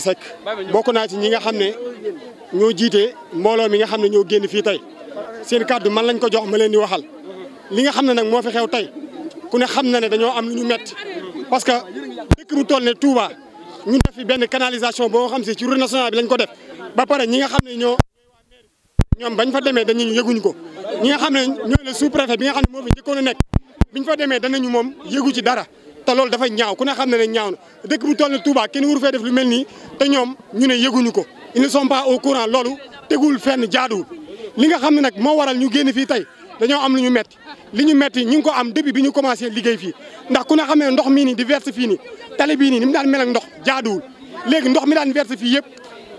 Seck bokk naa ci ñi nga xam ne ñoo jiitee mbooloo mi nga xam ne ñoo génn fii tey seen kàddu man lañ ko jox ma leen di waxal li nga xam ne nag moo fi xew tey ku ne xam na ne dañoo am lu ñu métti parce que dëkk bu toll ne Touba ñu def fi benn canalisation boo xam si ci route nationale bi lañ ko def ba pare ñi nga xam ne ñoo ñoom bañ fa demee dañu yëguñ ko ñi nga xam ne ñooy la sous préfet bi nga xam ne moo fi njëkkoon a nekk biñ fa demee danañu moom yëgu ci dara te loolu dafa ñaaw ku ne xam ne ne ñaaw na dëkk bu toll ne Touba kenn waru fee def lu mel nii te ñoom ñu ne yëguñu ko ils ne sont pas au courant loolu tegul fenn jaaduwul li nga xam ne nag moo waral ñu génn fii tey dañoo am lu ñu metti li ñu metti ñu ngi ko am depuis bi ñu commencé liggéey fii ndax ku ne xam ne ndox mii nii di verse fii nii tali bii ni mu daan mel ak ndox jaaduwul léegi ndox mi daan verse fii yëpp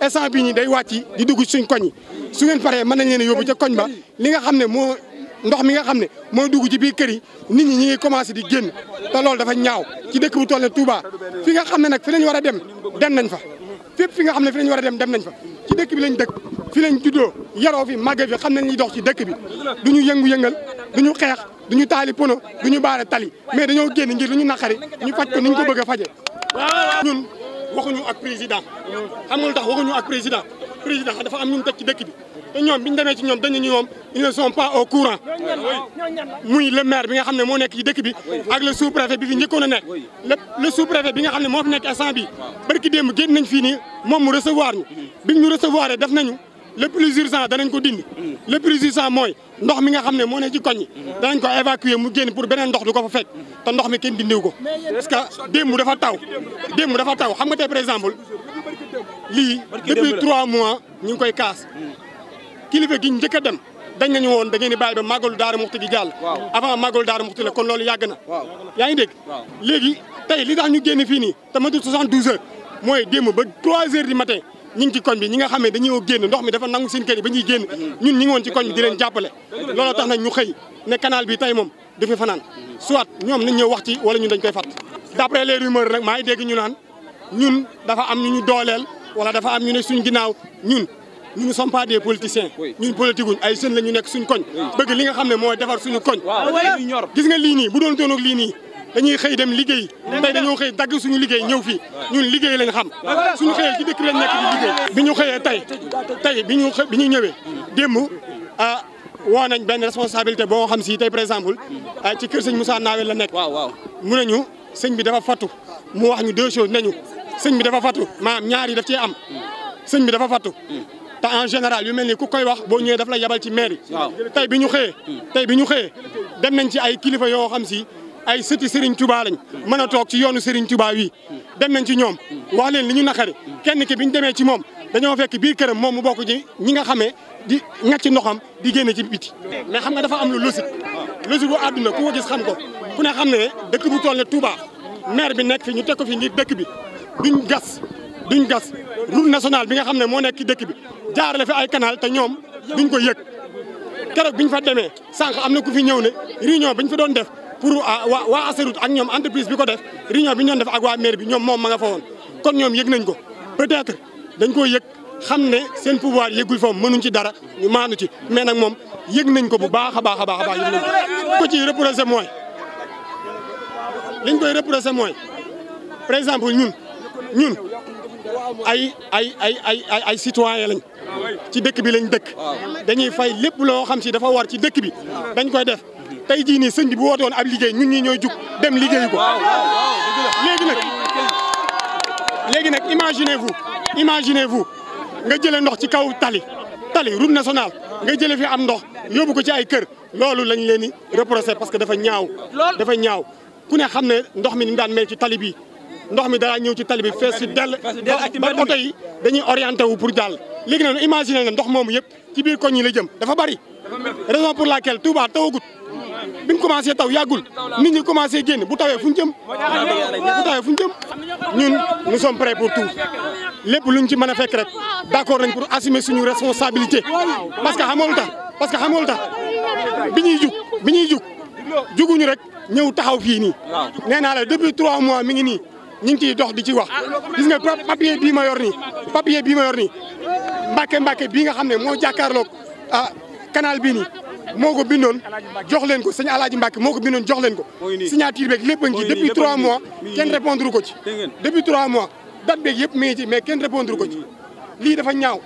essence bii nii day wàcc di dugg suñ koñ yi su ngeen paree mën nañ leen a ca koñ ba li nga xam ne moo ndox mi nga xam ne mooy dugg ci biir kër yi nit ñi ñi ngi commencé di génn te loolu dafa ñaaw ci dëkk bu toll ne Touba fi nga xam ne nag fi lañ war a dem dem nañ fa fépp fi nga xam ne fi lañ war a dem dem nañ fa ci dëkk bi lañ dëkk fi lañ juddoo yaroo fi màgge fi xam ne ñu dox ci dëkk bi ñu yëngu-yëngal ñu xeex du ñu taali pono ñu baare tali mais dañoo génn ngir lu ñu naqari ñu faj ko ni ñu ko bëgg a faje ñun waxuñu ak président xam nga lu tax waxuñu ak président président dafa am ñun teg ci dëkk bi te ñoom bi ñu demee ci ñoom dañu ñu ñoom ils ne pas au courant muy le maire bi nga xam ne moo nekk ci dëkk bi ak le sous préfet bi fi njëkkoon a nekk le sous préfet bi nga xam ne moo fi nekk instant bi barki démb génn nañ fii nii moom mu recevoir ñu biñ ñu recevoir def nañu le plus urgent danañ ko dindi le plus urgent mooy ndox mi nga xam ne moo ne ci koñ yi danañ ko évacuer mu génn pour beneen ndox du ko fa fekk te ndox mi kenn dindiw ko parce que démb dafa taw dafa taw xam nga tey par exemple lii depuis trois mois ñu ngi koy kaas kilifa gi njëkk dem dañ nañu woon da ngeen di bàyyi ba màggalu Daaru Muxti gi jàll avant màggalu Daaru Muxti la kon loolu yàgg na yaa ngi dégg léegi tey li tax ñu génn fii nii te matul 72 heures mooy démb ba 3 heures du matin ñi ngi ci koñ bi ñi nga xamee ne dañuy génn ndox mi dafa nangu seen kër yi ba ñuy génn ñun ñi ngi woon ci koñ bi di leen jàppale looloo tax nag ñu xëy ne canal bi tey moom du fi fanaan soit ñoom nañ ñëw wax ci wala ñun dañ koy fàtt d'après les rumeurs nag maa ngi dégg ñu naan ñun dafa am ñu ñu dooleel wala dafa am ñu ne suñ ginnaaw ñun nous ne sommes pas des politiciens ñun politique wuñ ay jeunes la ñu nekk suñ koñ bëgg li nga xam ne mooy defar suñu koñ gis nga lii nii bu doon doonag lii nii dañuy xëy dem liggéey tey dañoo xëy dagg suñu liggéey ñëw fii ñun liggéey lañ xam suñu xëyee ci dëkk lañ nekk di liggéey bi ñu xëyee tey tey bi ñu bi ñu ñëwee démb ah woo nañ benn responsabilité boo xam si tey par exemple ah, ci kër sëñ Moussa Nawel la nekk mu nañu sëñ bi dafa fattu mu wax ñu deux choses nañu sëñ bi dafa fattu maanaam ñaar yi daf cee am mm. sëñ bi dafa fattu mm. te général yu mel ni ku koy wax boo ñëwee daf la yabal ci mairie. tey bi ñu xëyee. tey bi ñu xëyee dem nañ ci ay kilifa yoo xam si ay sëti Serigne Touba lañ mën a toog ci yoonu Serigne tubaa wi dem nañ ci ñoom wax leen li ñu naqari kenn ki bi ñu demee ci moom dañoo fekk biir këram moom mu bokk ci ñi nga xamee di ñàcc ndoxam di génne ci biti. mais xam nga dafa am lu logique logique bu àdduna ku ko xam ko ku ne xam ne dëkk bu toll ne Touba maire bi nekk fi ñu tekk ko fi bi duñ gas duñ gas route nationale bi nga xam ne moo nekk ci dëkk bi jaarale fi ay canal te ñoom duñ ko yëg keroog biñ fa demee sànq am na ku fi ñëw ne réunion biñ fi doon def pour ah, waa waa Aserut ak ñoom entreprise bi ko def réunion bi ñu doon def ak waa bi ñoom moom ma nga fa woon kon ñoom yëg nañ ko peut-être dañ ko yëg xam ne seen pouvoir yëgul fa mënuñ ci dara ñu maanu ci mais nag moom yëg nañ ko bu baax a baax a baax a baax yëg nañ ko ci reproché mooy liñ koy reproché mooy par exemple ñun ñun ay ay ay ay ay ay citoyen lañ ci dëkk bi lañ dëkk dañuy fay lépp loo xam si dafa war ci dëkk bi dañ koy def tey jii nii sëñ bi bu woote ab liggéey ñun ñi ñooy jug dem liggéeyu ko léegi nag léegi nag imagine vous imaginez vous nga jële ndox ci kaw tali tali route nationale nga jëlee fi am ndox yóbbu ko ci ay kër loolu lañ leen di reproché parce que dafa ñaaw dafa ñaaw ku ne xam ne ndox mi ni mu daan mel ci tali bi ndox mi dara ñëw ci tali bi fees si dell ba oto yi dañuy orienté wu pour jàll léegi nag imaginer na ndox moomu yëpp ci biir koñ yi la jëm dafa bari raison pour laquelle Touba tawagut bi mu commencé taw yàggul nit ñi commencé génn bu tawee fu ñu jëm fu ñu jëm ñun nous sommes pour tout lépp luñ ci mën a fekk rek d'accord nañ pour assumer suñu responsabilité parce que xamoo lu tax parce que xamoo bi ñuy jug bi ñuy jug juguñu rek ñëw taxaw fii nii nee naa la depuis trois mois mi ngi nii ñu ngi ciy dox di ci wax gis nga papier bii ma yor nii bii ma yor nii mbàkke mbàkke bii nga xam ne moo jàkkaarloog ah canal bii ni moo ko bindoon jox leen ko sëñ Alaaji Mbàkke moo ko bindoon jox leen ko signature beeg lépp a ngi ci depuis trois mois kenn répondre ko ci depuis trois mois date beeg yëpp mi kenn répondre ko ci lii dafa ñaaw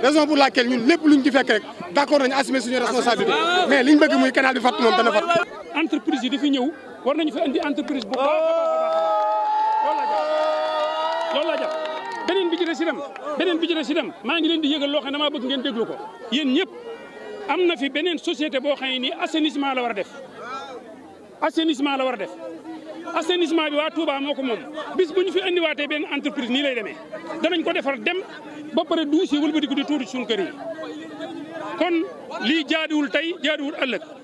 raison pour laquelle ñun lépp luñ ci fekk rek d' accord nañu assumer suñu responsabilité mais liñ bëgg muy canal bi fatt moom dana fatt entreprise yi dafi ñëw war nañu fi indi loolu laa jàpp beneen bi ci des itam beneen bi ci des itam maa ngi leen di yëgal loo xam ne damaa bëgg ngeen déglu ko yéen ñëpp am na fi beneen société boo xam ne nii assainissement la war a def assainissement la war a def assainissement bi waa Touba moo ko moom bis bu ñu fi andiwaatee benn entreprise nii lay demee danañ ko defar dem ba pare duusi wëlbatiku di tuuti suñu kon lii jaaduwul tey jaaduwul ëllëg